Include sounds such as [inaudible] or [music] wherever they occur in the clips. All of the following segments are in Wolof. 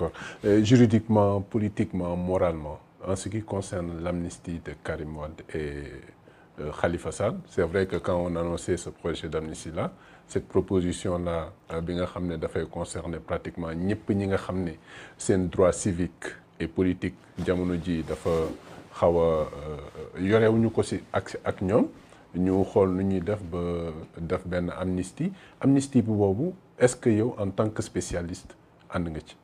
D'accord. Et euh, juridiquement, politiquement, moralement, en ce qui concerne l'amnistie de Karim Wade et euh, c'est vrai que quand on annonçait ce projet d'amnistie-là, cette proposition-là, euh, bi nga xam ne dafay concerner pratiquement ñëpp ñi nga xam ne seen droit civique et politique jamono ji dafa xaw a euh, yorewuñu ko si ak ak ñoom ñu xool nu ñuy def ba def benn amnistie amnistie bi boobu est-ce que yow en tant que spécialiste ànd nga ci.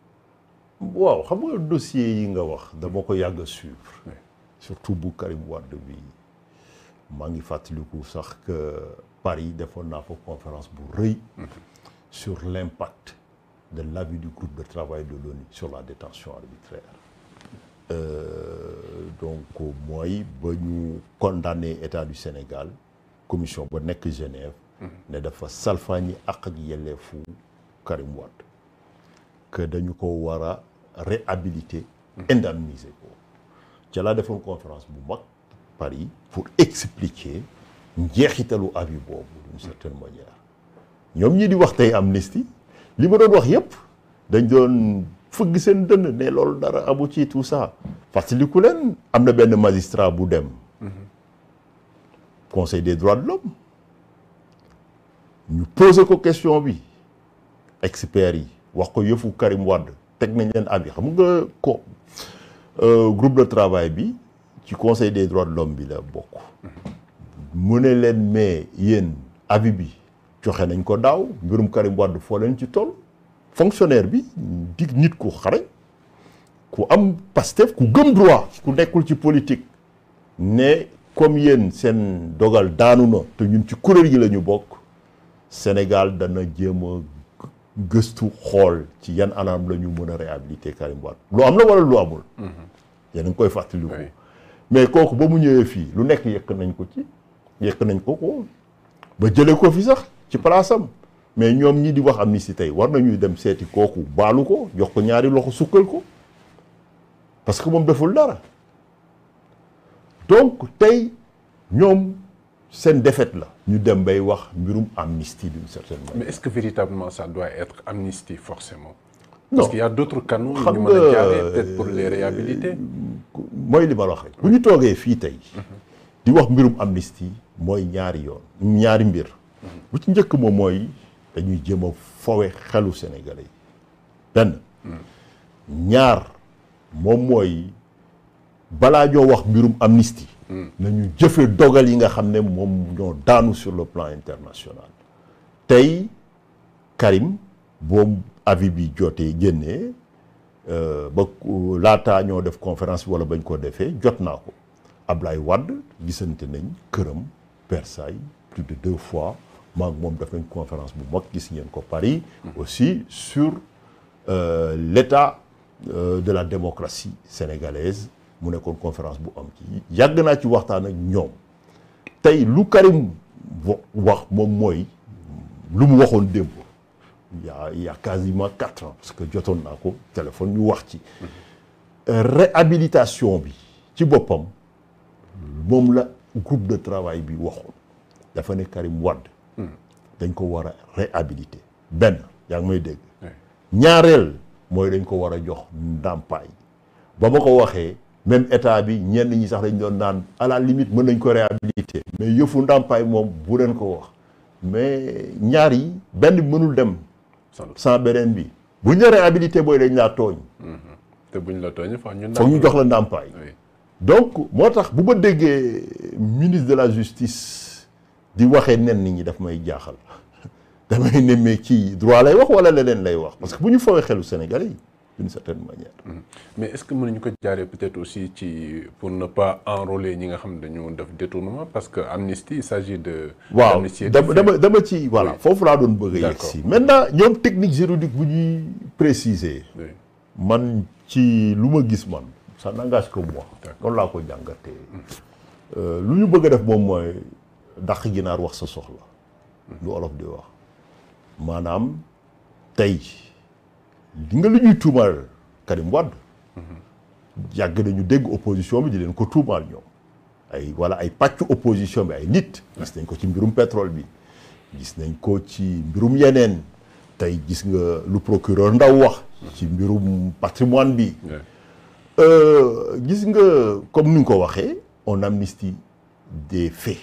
waaw xam nga dossier yi nga wax dama ko yàgg a suivre surtout bu Karim Wade bi maa ngi fàttaliku sax que Paris defoon naa fa conférence bu rëy sur l'impact de l'avis du groupe de travail de l'ONU sur la détention arbitraire euh, donc mooy ba ñu condamné État du Sénégal commission ba nekk Genève ne dafa salfaañi ak ak yelleefu Karim Wade que dañu ko war a réhabiliter indemniser ko ca laa defoon conférence bu mag Paris pour expliquer njeexitalu avis boobu d'une certaine manière ñoom ñi di wax tey amnistie li ma doon wax yëpp dañ doon fëgg seen dënn ne loolu dara amu ci tout ça fàttaliku leen am na benn magistrat bu dem conseil des droits de l'homme ñu posé ko question bi experts yi wax ko yëfu Karim wàdd teg nañ leen abi xam nga ko euh, groupe de travail bi ci conseil des droits de bi la bokk mu ne leen mais yéen abi bi joxe nañ ko daaw mbirum Karim Wade foo leen ci tool fonctionnaire bi di nit ku xarañ ku am Pastef ku gëm droit ku nekkul ci politique ne comme yéen seen dogal daanu na te ñun ci kuréel gi la ñu bokk Sénégal dana jéem gëstu xool ci yan anam la ñu mën a réhabiliter Karim Wade lu am la wala lu amul. Mhm. yéen a ngi koy fàttaliku. mais kooku ba mu ñëwee fii lu nekk yëkk nañ ko ci yekk nañ ko ko ba jëlee ko fi sax ci palaasam mais ñoom ñi di wax am amnistie tey war nañuy dem seeti kooku baalu ko jox ko ñaari loxo sukkal ko parce que moom deful dara donc tey ñoom. seen défaite la. ñu dem bay wax mbirum amnistie d'une certaine manière. mais est-ce que véritablement ça doit être amnistie forcément. non parce qu'il y a d'autres canaux. xam nga peut-être pour les euh, réhabiliter. mooy li ma wax rek. bu ñu toogee fii tey. di wax mbirum amnistie mooy ñaari yoon ñaari mbir. bu ci njëkk moom mooy dañuy jëm a xelu Sénégalais yi benn. ñaar moom mooy balaa ñoo wax mbirum amnistie. nañu jëfe dogal yi nga xam ne moom ñoo daanu sur le plan international tey Karim boo avis bi jotee génnee euh, ba laata ñoo def conférence wala bañ koo defee jot naa ko Ablaye wadd gisante nañ këram Versailles plus de deux fois maa moom def nañ conférence bu mag gis ngeen ko Paris aussi sur euh, l'état euh, de la démocratie sénégalaise mu nekkoon conférence bu am ci yàgg naa ci waxtaan ak ñoom tey lu Karim wax moom mooy lu mu waxoon démb yaa y' a quasiment quatre ans parce que jotoon naa ko téléphone ñu wax ci réhabilitation bi ci boppam moom la groupe de travail bi waxoon dafa ne Karim Wade dañ ko war a réhabiliter benn yaa ngi may dégg ñaareel mooy dañ ko war a jox ndàmpaay ba ma ko waxee même état bi ñenn ñi sax dañ doon naan à la limite mën nañ ko réhabiliter mais yëfu ndàmpaay moom bu leen ko wax mais ñaar yi benn bi mënul dem sans beneen bi bu buñ la réhabilité booy dañ laa tooñ mm-hmm. te buñ la tooñ foog ñu jox la ndàmpaay donc moo tax bu ma déggee ministre de la justice di waxee nen nit ñi daf may jaaxal [laughs] damay nemmee ci droit lay wax wala leneen lay wax parce que bu ñu fawee xelu Sénégalais yi d'une certaine manière. Mm-hmm. mais est-ce que mënuñu ko jaaree peut-être aussi ci pour ne pas enrôler ñi nga xam dañoo def détournement parce que amnistie il s'agit de. waaw dama dama dama ci voilà foofu laa doon bëgg a yegg si maintenant ñoom technique juridique bu ñuy présiser man ci lu ma gis man. ça n'engage que moi. loolu laa ko jàngatee. Euh, lu ñu bëgg a def moom mooy dàq ginaar wax sa soxla. Mm-hmm. lu olof di wax maanaam tey. li nga lu ñuy tuumaal Karim Wade yàgg nañu dégg opposition bi di leen ko tuumaal ñoom ay wala ay pàccu opposition bi ay nit gis nañ ko ci mbirum pétrole bi gis nañ ko ci mbirum yeneen tey gis nga lu procureur ndaw wax ci mbirum patrimoine bi euh, gis nga comme ni ko waxee on amnistie des faits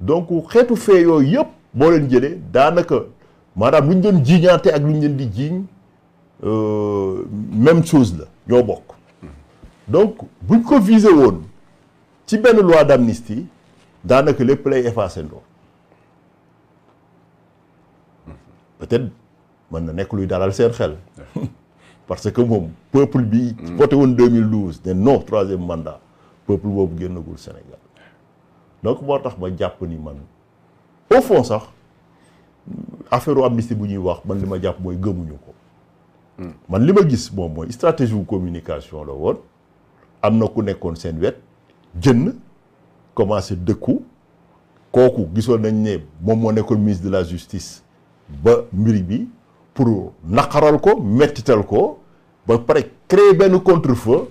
donc xeetu fee yooyu yëpp boo leen jëlee daanaka maanaam lu ñu doon jiiñaate ak lu ñu leen di jiiñ Euh, même chose la ñoo bokk donc buñ ko vise woon ci benn loi d'amnistie daanaka lépp lay effacé peut-être mën na nekk luy dalal seen xel [laughs] parce que moom peuple bi voté woon 2012 ne non troisième mandat peuple boobu génnagul Sénégal donc moo tax ma jàpp ni man au fond sax affaire amnistie bu ñuy wax man li ma jàpp mooy gëmuñu ko man li ma gis moom mooy stratégie communication la woon am na ku nekkoon seen wet jën commencé dëkku kooku gisoon nañ ne moom moo nekkoon ministre de la justice ba mbir bi pour naqaral ko mettital ko ba pare créer benn contre-feu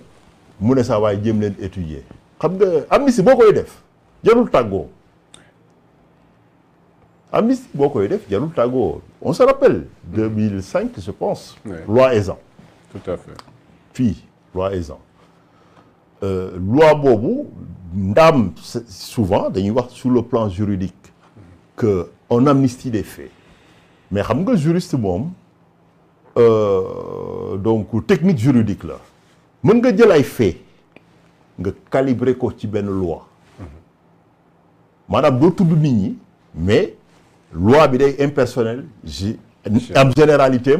mu ne saa waaye jëm leen étudier xam nga si boo koy def jarul tàggoo amnistie boo koy def jarul tàggoo on se rappelle 2005 mm. je pense. Oui. loi Ezzan. tout à fait. fii loi Ezzan. Euh, loi boobu ndaam souvent dañuy wax sur le plan juridique. que on amnistie des faits. mais xam nga juriste moom euh, donc technique juridique la. mën nga jël ay faits nga calibrer ko ci benn loi. Mm-hmm. maanaam doo tudd nit ñi mais. loi bi day impersonnel ji am généralité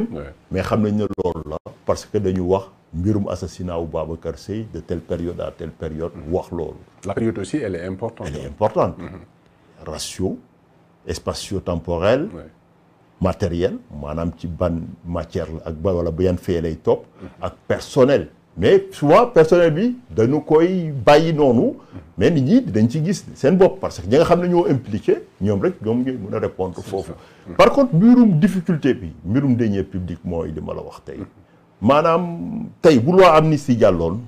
mais xam nañ ne loolu la parce que dañu wax mbirum assassinat wu Babacar Seye de telle période à telle période mm-hmm. wax loolu la période aussi elle est importante elle est importante mm-hmm. ratio spatio temporel matériel maanaam ci ban matière la ak ba wala ba yan fee lay topp ak personnel mais souvent personnel bi dañu koy bàyyi noonu mais nit ñi dañ ci gis seen bopp parce que ñi nga xam ne ñoo impliqué ñoom rek ñoom ngay mën a répondre foofu hmm. par contre mbirum difficulté bi mbirum deniers publics mooy li ma la wax tey maanaam tey bu loi amnistie jàlloon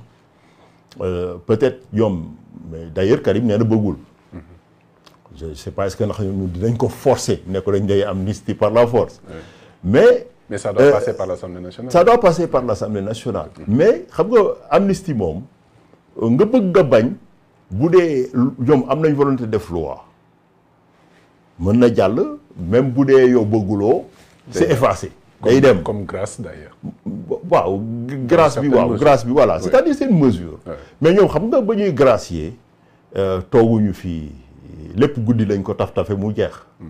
euh, peut-être ñoom mais d'ailleurs Karim nee na bëggul hmm. je sais pas que ndax ñun dinañ ko forcer ne ko dañ day amnistie par la force mais mais ça doit euh, passer par l'Assemblée nationale ça doit passer par nationale hmm. mais xam nga amnistie moom nga bëgg nga bañ bu dee ñoom am nañ volonté def loi mën na jàll même bu dee yow bëgguloo c'est effacé day dem comme grâce d'ailleurs waaw grace bi waaw grace bi voilà c'est-à-dire c'est mesure mais ñoom xam nga ba ñuy gracier euh, tooguñu fi lépp guddi lañ ko taf-tafe mu jeex hmm.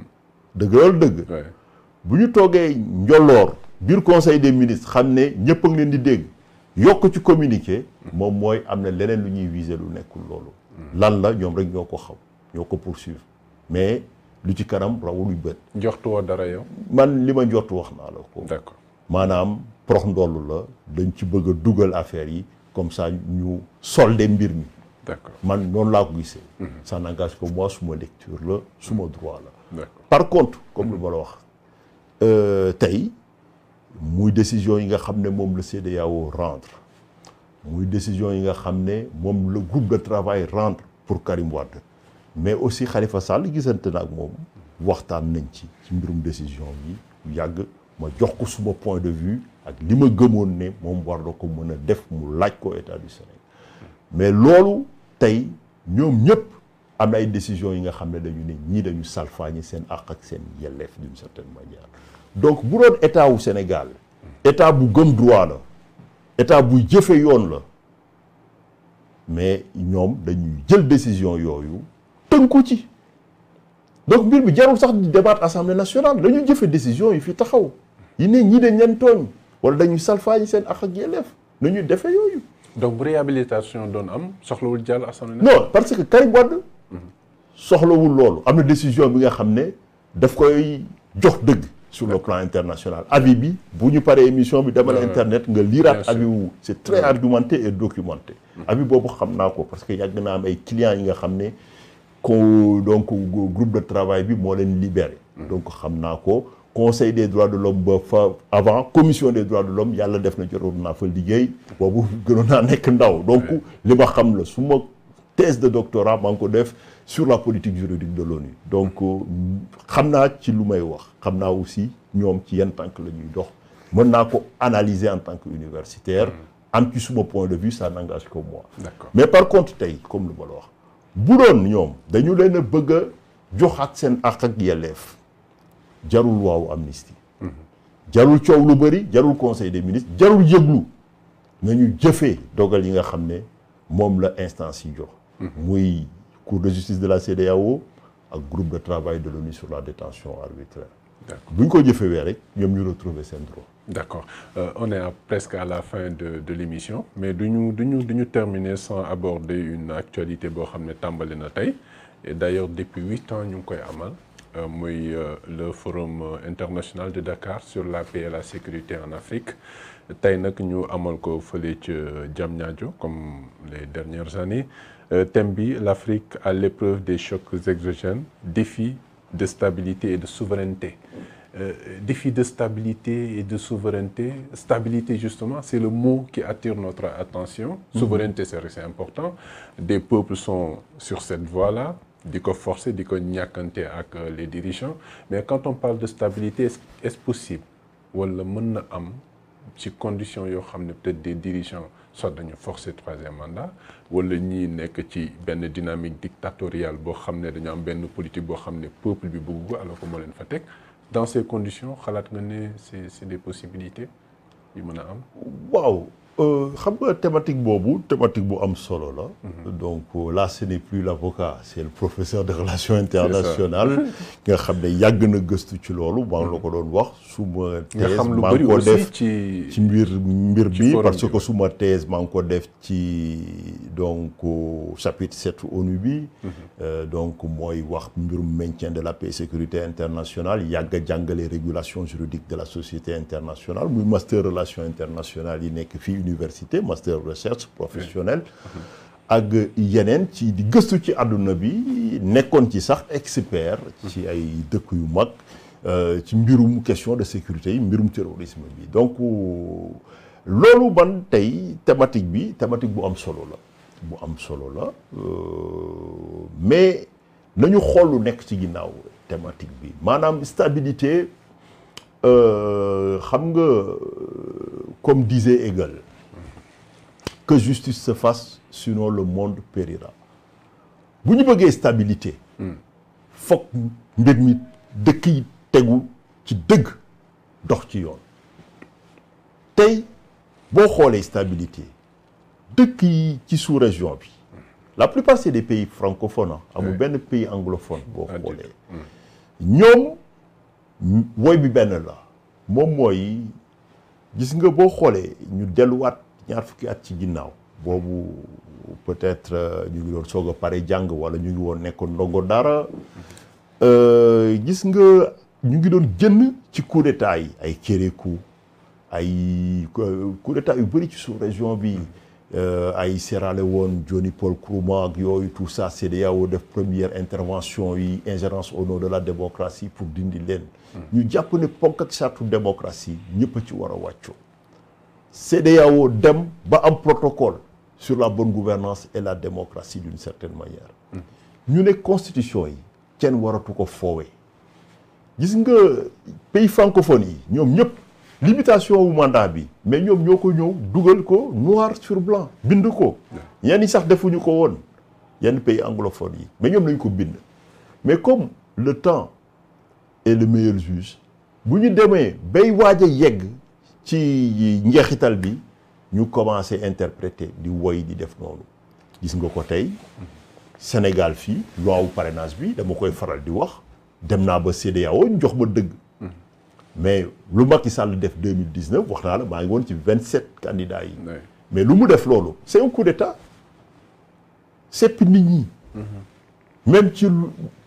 dëgg loolu dëgg bu ñu toogee njolloor biir conseil des ministres xam ne ñëpp a leen di dégg yokk ci communiqué hmm. moom mooy am na leneen lu ñuy viser lu nekkul loolu lan la ñoom rek ñoo ko xam ñoo ko poursuivre mais lu ci kanam rawulu bët. njortuwoo dara yow. man li ma njortu wax naa la ko. maanaam prox ndollu la dañ ci bëgg a dugal affaire yi comme ça ñu solde mbir mi. man noonu laa ko gisee. Mhm. ça n'engage que moi suma lecture la suma droit la. par contre comme lu ma la wax euh, tey muy décision yi nga xam ne moom la CEDEAO rendre. muy décision yi nga xam ne moom le groupe de travail rentre pour Karim Wade mais aussi Khalifa sàll gisante na ak moom waxtaan nañ ci ci mbirum décision yi yàgg ma jox ko suma point de vue ak li ma gëmoon ne moom war na ko mën a def mu laaj ko état du Sénégal mais loolu tey ñoom ñëpp am na ay décisions yi nga xam ne dañu ne ñii dañu ñi seen àq ak seen yelleef d'une certaine manière donc bu doon état wu Sénégal état bu gëm droit la. état buy jëfee yoon la mais ñoom dañuy jël décision yooyu ko ci donc mbir bi jarul sax di débattre assemblée nationale dañuy jëfe décision yi fi taxaw yi ne ñi dañ leen tooñ wala dañuy salfaañi seen ak ak yelleef nañuy defe yooyu. donc bu réhabilitation doon am soxlawul jàll assemblée nationale. non parce que Karim Wade mhm. soxlawul loolu am na décision bi nga xam ne daf koy jox dëgg. sur le plan international avis bi bu ñu paree émission bi demal internet nga liiraat avis wu c'est très argumenté et documenté mm-hmm. avis boobu xam naa ko parce que yàgg naa am ay clients yi nga xam ne ko donc groupe de travail bi moo leen libéré mm-hmm. donc xam naa ko conseil des droits de l'homme avant commission des droits de l'homme yàlla def na jotoon naa fa liggéey boobu gënoon naa nekk ndaw donc li ma xam la su ma thèse de doctorat maa ngi ko def sur la politique juridique de l'ONU donc euh, xam naa ci lu may wax xam naa aussi ñoom ci yan tànk la ñuy dox mën naa ko analyser en tant universitaire hmm. am ci suma point de vue ça n'engage que moi mais par contre tey comme lu ma la wax bu doon ñoom dañu leen a bëgg a joxaat seen àq ak yelleef jarul waaw amnistie hmm. jarul coow lu bëri jarul conseil des ministres jarul yëglu nañu jëfee dogal yi nga xam ne moom la instance yi jox hmm. muy Cour de justice de la CEDEAO ak groupe de travail de l'ONU sur la détention arbitraire. bu ñu ko jëfewee rek ñoom ñu retrouver seen droit. d'accord euh, on est à, presque à la fin de de l'émission mais duñu duñu duñu terminer sans aborder une actualité boo xam ne tàmbali na tey et d'ailleurs depuis huit ans ñu ngi koy amal euh, muy euh, le forum euh, international de Dakar sur la paix et la sécurité en Afrique. tey nag ñu amal ko fële ca Diamniadio comme les dernières années euh, thème bi l'Afrique à l'épreuve des chocs exogènes défi de stabilité et de souveraineté euh, défi de stabilité et de souveraineté stabilité justement c'est le mot qui attire notre attention mhm. souveraineté c'est c'est important des peuples sont sur cette voie-là di ko forcer di ko ñàkkante ak euh, les dirigeants mais quand on parle de stabilité est-ce possible wala mën na am ci condition yoo xam ne peut-être des dirigeants soit dañu forcer troisième mandat wala ñii nekk ci benn dynamique dictatoriale boo xam ne dañu am benn politique boo xam ne peuple bi bëgg ko alors moo leen fa teg dans ces conditions xalaat nga ne c'est c'est des possibilités yi mën a am waaw Euh, xam nga thématique boobu thématique bu am solo la. Mhm. donc euh, là ce n'est plus l'avocat c'est le professeur de relations internationales. [laughs] nga xam ne yàgg na gëstu ci loolu. maa la ko doon wax su ma. thèse maa ngi ko def ci ci mbir mbir bi parce que su ma thèse ngi ko def ci donc chapitre sept ONU bi. Mhm. Euh, donc mooy wax mbirum maintien de la paix et sécurité internationale yàgg a jàngale régulation juridique de la société internationale muy master relations internationales yi nekk fii. université master recherche professionnelle ak yeneen ci di gëstu ci àdduna bi nekkoon ci sax expert ci ay dëkk yu mag euh, ci mbirum question de sécurité yi mbirum terrorisme bi donc euh, loolu ban tey thématique bi thématique bu am solo la bu am solo la euh, mais nañu xool lu nekk ci ginnaaw thématique bi maanaam stabilité xam nga comme disait Hegel que justice se fasse sinon le monde périra bu ñu bëggee stabilité foog mbir mi dëkk yi tegu ci dëgg dox ci yoon tey boo xoolee stabilité dëkk yi ci sous-région bi la plupart c'est des pays francophones amul benn pays anglophone boo xoolee mm. ñoom woy bi benn la moom mooy gis nga boo xoolee ñu delluwaat ñaar fukki at ci ginnaaw boobu peut-être euh, ñu ngi doon soog a pare jàng wala ñu ngi woon nekkoon ndongo dara euh, gis nga ñu ngi doon génn ci coup d'état yi ay kéréku ay euh, coup d'état yu bëri ci sous-région bi ay Sierra woon Johnny Paul Nkrumah ak yooyu tout ça CEDEAO def première intervention yi ingérence au nom de la démocratie pour dindi leen hmm. ñu jàpp ne ponk ak sartu démocratie ñëpp ci war a wàccoo CEDEAO dem ba am protocole sur la bonne gouvernance et la démocratie d'une certaine manière ñu ne constitution yi kenn waratu ko foowee gis nga pays francophones yi ñoom ñëpp limitation wu mandat bi mais ñoom ñoo ko ñëw dugal ko noir sur blanc bind ko yenn yi sax defuñu ko woon yenn pays anglophones yi mais ñoom lañ ko bind mais comme le temps est le meilleur juge bu ñu demee bay waaj a yegg ci njeexital bi ñu commencé interpréter di woy di def noonu gis nga ko tey Sénégal fii loi wu parrainage bi dama koy faral di wax dem naa ba CEDEAO ñu jox ma dëgg mais lu Macky Sall def 2019 wax naa maa ngi woon ci 27 candidats yi mais lu mu def loolu c'est un coup d'état sepp nit ñi même ci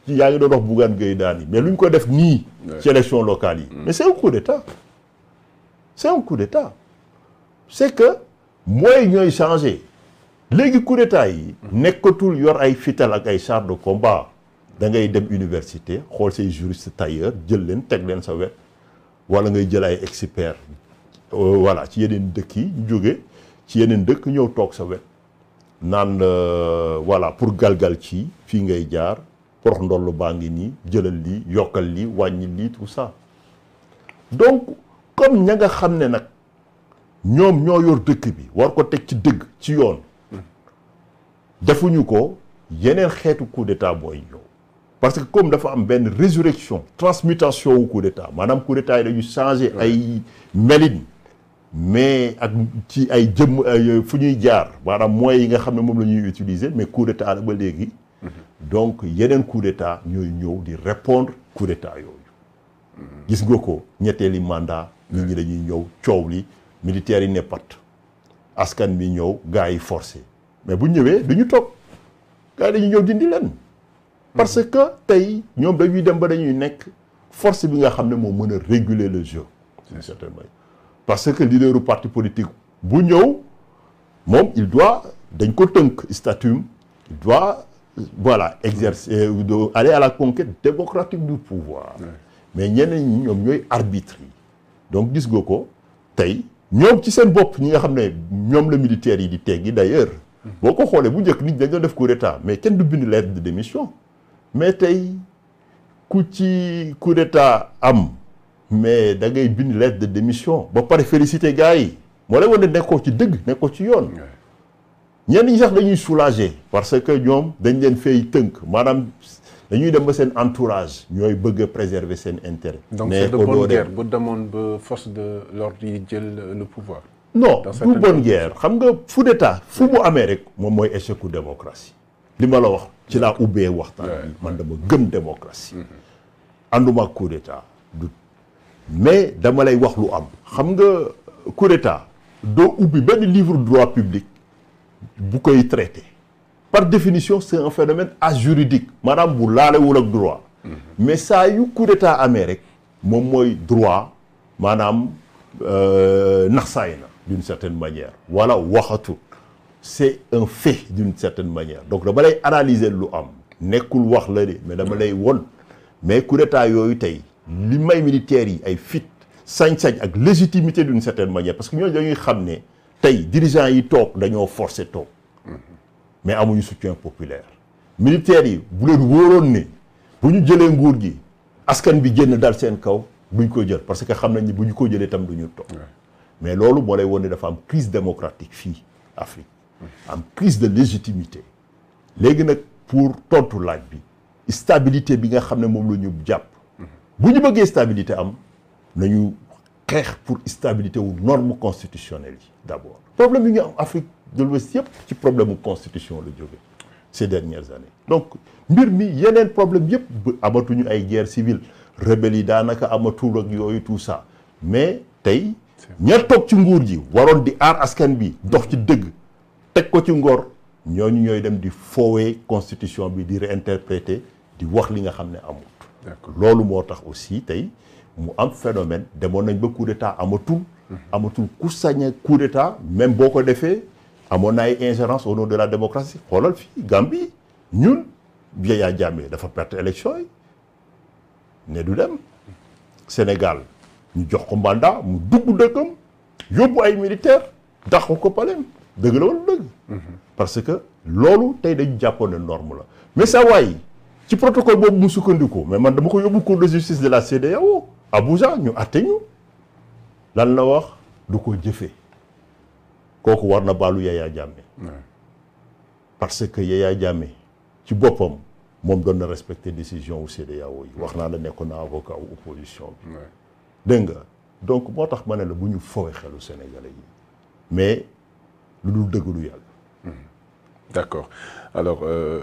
yaa ngi doon wax Bougane Gueye Dany mais lu ñu ko def nii ci élection locale yi mm. mais c'est un coup d'état c'est un coup d'état c'est que mooy ñooy changé léegi coup d'état yi nekkatul yor ay fital ak ay char de combat da ngay dem université xool say juriste tailleur jël leen teg leen sa wet wala ngay jël ay expert euh, voilà ci yeneen dëkk yi ñu jóge ci yeneen dëkk ñëw toog sa wet naan euh, voilà pour galgal ci fii ngay jaar porox ndoll baa ngi nii jëlal lii yokkal lii wàññi lii tout ça donc comme ña nga xam ne nag ñoom ñoo yor dëkk bi war ko teg ci dëgg ci yoon defuñu ko yeneen xeetu coup d'état booy ñëw parce que comme dafa am benn résurrection transmutation wu coup d'état maanaam coup d'état yi dañu changé ay melin mais ak ci ay jëmm fu ñuy jaar maanaam mooy yi nga xam ne moom la ñuy utiliser mais coup d'état la ba léegi mhm. donc yeneen coup d'état ñooy ñëw di répondre coup d'état yooyu gis nga ko ñetteeli mandat nit ñi dañuy ñëw coow li militaires yi ne pat askan bi ñëw gars yi force mais bu ñëwee du ñu toog gars yi dañuy ñëw dindi leen parce que tey ñoom dañuy dem ba dañuy nekk force bi nga xam ne moo mën a réguler le jeu d'une certaine parce que leaderu parti politique bu ñëw moom il doit dañ ko tënk statut il doit voilà exercer aller à la conquête démocratique du pouvoir mais ñeneen ñi ñoom ñooy arbitre yi donc gis nga ko tey ñoom ci seen bopp ñi nga xam ne ñoom la militaires yi di teggi d'ailleurs boo ko xoolee bu njëkk nit dañ doon def coup d'état mais kenn du bind lettre de démission mais tey ku ci coup d'état am mais da ngay bind lettre de démission ba pare féliciter gars yi moo lay wan ne nekkoo ci dëgg nekkoo ci yoon ñenn ñi sax dañuy soulager parce que ñoom dañ leen fay tënk maanaam dañuy dem ba seen entourage ñooy bëgg préserver seen intérêt. donc c'est de bonne guerre bu demoon ba force de l'ordre yi jël le pouvoir. non du bonne guerre xam nga coup d'état fu mu amee rek moom mooy échec u démocratie. li ma la wax ci laa ubbee waxtaan bi man dama gëm démocratie. ànduma ak coup d'état du mais dama lay wax lu am. xam nga coup d'état doo ubbi benn livre droit public bu koy traité. par définition c' est un phénomène ajuridique maanaam bu laalewul ak droit mhm. mais saa yu coup d' amee rek moom mooy droit maanaam euh, naxsaay na d' une certaine manière wala waxatu c' est un fait d' une certaine manière donc dama lay analyser lu am nekkul wax la de mais dama lay won mais coup yooyu tey li may militaires yi ay fit sañ-sañ ak légitimité d' une certaine manière parce que ñooñu dañuy xam ne tey dirigeants yi toog dañoo forcé toog mhm. mais amuñu soutien populaire militaires yi bu leen wóoroon ni bu ñu jëlee nguur gi askan bi génn dal seen kaw duñ ko jël parce que xam nañ ni bu ñu ko jëlee tam ñu toog mais loolu moo lay woon ne dafa am crise démocratique fii Afrique am crise de légitimité léegi nag pour tontu laaj bi stabilité bi nga xam ne moom la ñu jàpp mm-hmm. bu ñu bëggee stabilité am nañu xeex pour stabilité wu normes constitutionnelles yi d'abord problème yi ñu am Afrique de l'Ouest yëpp ci problème mu constitution la jóge ces dernières années donc mbir mi yeneen problème yëpp amatuñu ay guerre civile rebelle yi daanaka amatul ak yooyu tout ça mais tey ña toog ci nguur ji waroon di aar askan bi ndox ci dëgg teg ko ci ngor ñooñu ñooy dem di foowee constitution bi di réinterpréter di wax li nga xam ne amut loolu moo tax aussi tey mu am phénomène demoon nañ ba coup d'état amatul mhm. amatul ku sañ coup d'état même boo ko defee amoon na ay ingérence au nom de la démocratie xoolal fii Gambie ñun Yaya Jammeh dafa perte élection yi ne du dem Sénégal ñu jox ko mandat mu dugg dëkkam yóbbu ay militaire dax ko palem dëgg la wala dëgg parce que loolu tey dañu jàppoon ne norme la mais sa waay ci protocole boobu mu sukkandiku mais man dama ko yóbbu cour de justice de la CEDEAO Abuja ñu atte ñu lan la wax du ko jëfee kooku war na baalu Yaya Jammeh parce que Yaya jàmme ci boppam moom doon na respecter décision wu CEDEAO yi wax naa la nekkoon na avocat wu opposition bi dégg nga donc moo tax ma ne la bu ñu fowee xelu Sénégalais yi mais lu dul dëgg du yàlla hmm. d'accord alors euh, euh,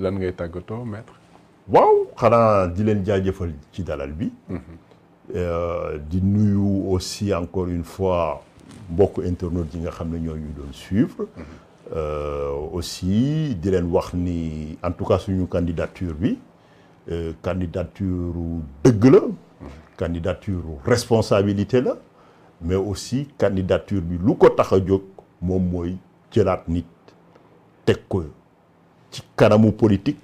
lan ngay tàggatoo maître waaw xanaa di leen jaajëfal ci dalal bi hmm. euh, di nuyu aussi encore une fois mbokk internautes yi nga xam ne ñoo ñu doon suivre. Euh, aussi di leen wax ni en tout cas suñu candidature bi euh, candidature dëgg la. candidature responsabilité la. mais aussi candidature bi lu ko tax a jóg moom mooy jëlaat nit teg ko ci kanamu politique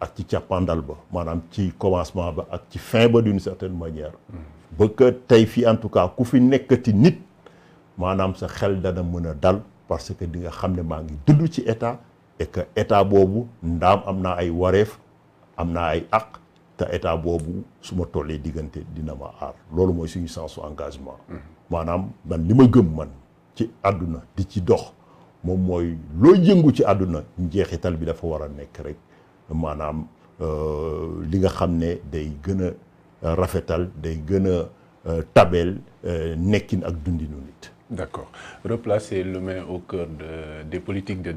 ak ci càppandal ba maanaam ci commencement ba ak ci fin ba d'une certaine manière. Mm. ba que tey fii en tout cas ku fi nekkati nit. maanaam sa xel dana mën a dal parce que di nga xam ne maa ngi dund ci état et que état boobu ndaam am naa ay wareef am naa ay àq te état boobu su ma tollee diggante dina ma aar loolu mooy suñu sensu engagement mm-hmm. maanaam man li ma gëm man ci àdduna di ci dox moom mooy loo yëngu ci àdduna njeexital bi dafa war a nekk rek maanaam euh, li nga xam ne day gën a rafetal day gën a euh, tabeel euh, nekkin ak dundinu nit D'accord. Replacer l'humain au cœur de, des politiques de développement.